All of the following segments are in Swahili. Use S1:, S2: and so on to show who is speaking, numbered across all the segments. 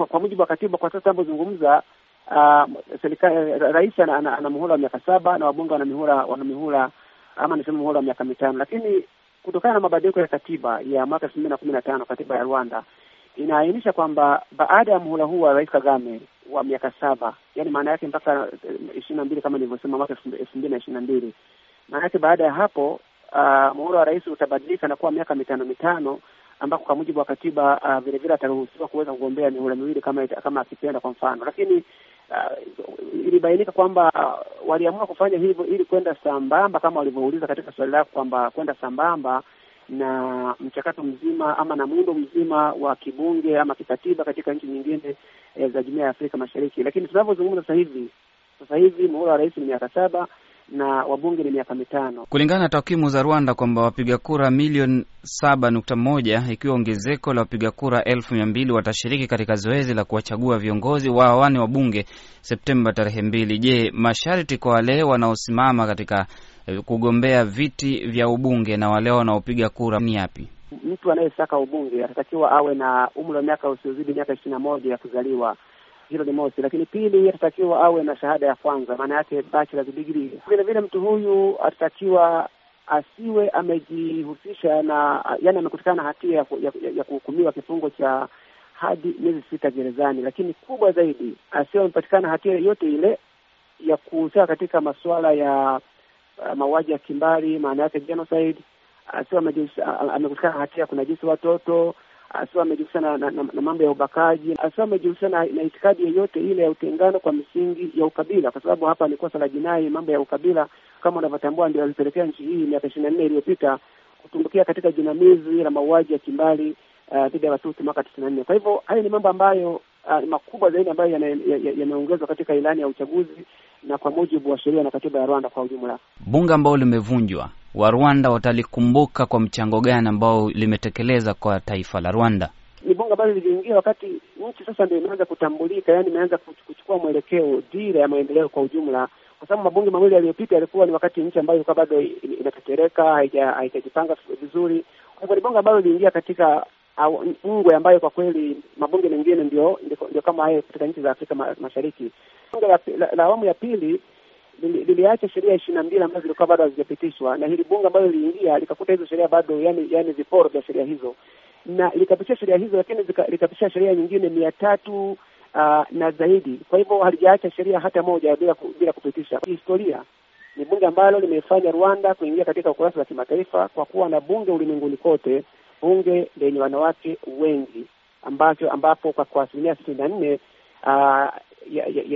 S1: kwa, kwa mujibu wa katiba kwa sasa tunapozungumza, uh, ah, serikali eh, rais ana, ana, ana muhula wa miaka saba na wabunge wana mihula wana mihula ama nisema muhula wa miaka mitano, lakini kutokana na mabadiliko ya katiba ya mwaka elfu mbili na kumi na tano katiba ya Rwanda inaainisha kwamba baada ya muhula huu wa rais Kagame wa miaka saba, yani maana yake mpaka eh, ishirini na mbili kama nilivyosema, mwaka elfu mbili na ishirini na mbili maana yake baada ya hapo uh, muhula wa rais utabadilika na kuwa miaka mitano mitano ambako kwa mujibu wa katiba uh, vile vile ataruhusiwa kuweza kugombea mihula miwili kama kama akipenda kwa mfano, lakini uh, ilibainika kwamba uh, waliamua kufanya hivyo ili kwenda sambamba kama walivyouliza katika swali lako kwamba kwenda sambamba na mchakato mzima ama na muundo mzima wa kibunge ama kikatiba katika nchi nyingine e, za Jumuiya ya Afrika Mashariki. Lakini tunavyozungumza sasa hivi sasa hivi muhula wa rais ni miaka saba na wabunge ni miaka mitano,
S2: kulingana na takwimu za Rwanda kwamba wapiga kura milioni saba nukta moja ikiwa ongezeko la wapiga kura elfu mia mbili watashiriki katika zoezi la kuwachagua viongozi wa awani wa bunge Septemba tarehe mbili. Je, masharti kwa wale wanaosimama katika eh, kugombea viti vya ubunge na wale wanaopiga kura ni yapi?
S1: Mtu anayesaka ubunge atatakiwa awe na umri wa miaka usiozidi miaka ishirini na moja ya kuzaliwa hilo ni mosi, lakini pili, atatakiwa awe na shahada ya kwanza, maana yake bachelor's degree. Vile vile mtu huyu atatakiwa asiwe amejihusisha na yani, amekutikana na hatia ya, ya, ya kuhukumiwa kifungo cha hadi miezi sita gerezani, lakini kubwa zaidi, asiwe amepatikana hatia yoyote ile ya kuhusika katika masuala ya uh, mauaji ya kimbari, maana yake genocide, asiwe amekutikana hatia ya kunajisi watoto asiwa amejihusisha na, na, na mambo ya ubakaji, asiwa amejihusisha na, na itikadi yoyote ile ya utengano kwa misingi ya ukabila, kwa sababu hapa ni kosa la jinai. Mambo ya ukabila kama unavyotambua ndio yalipelekea nchi hii miaka ishirini na nne iliyopita kutumbukia katika jinamizi la mauaji ya kimbali uh, dhidi uh, ya watuti mwaka tisini na nne. Kwa hivyo hayo ni mambo ambayo uh, makubwa zaidi ambayo yameongezwa ya, ya katika ilani ya uchaguzi na kwa mujibu wa sheria na katiba ya Rwanda kwa ujumla.
S2: Bunge ambao limevunjwa wa Rwanda watalikumbuka kwa mchango gani ambao limetekeleza kwa taifa la Rwanda?
S1: Ni bonge ambalo liliingia wakati nchi sasa ndio imeanza kutambulika, yani imeanza kuchukua mwelekeo, dira ya maendeleo kwa ujumla, kwa sababu mabunge mawili yaliyopita yalikuwa ni wakati nchi ambayo ilikuwa bado inatetereka, haijajipanga vizuri. Kwa ni bonge ambalo liliingia katika ngwe ambayo kwa kweli mabunge mengine ndio ndio kama hayo katika nchi za Afrika Mashariki. Bunge la awamu ya pili liliacha sheria ishirini na mbili ambazo zilikuwa bado hazijapitishwa, na hili bunge ambalo liliingia likakuta hizo sheria bado, yani yani viporo vya sheria hizo, na likapitisha sheria hizo, lakini likapitisha sheria nyingine mia tatu uh, na zaidi. Kwa hivyo halijaacha sheria hata moja bila bila kupitisha. Historia ni bunge ambalo limefanya Rwanda kuingia katika ukurasa wa kimataifa kwa kuwa na bunge ulimwenguni kote, bunge lenye wanawake wengi ambacho ambapo kwa asilimia sitini na nne ah,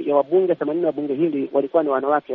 S1: ya wabunge themanini wa bunge hili walikuwa ni wanawake.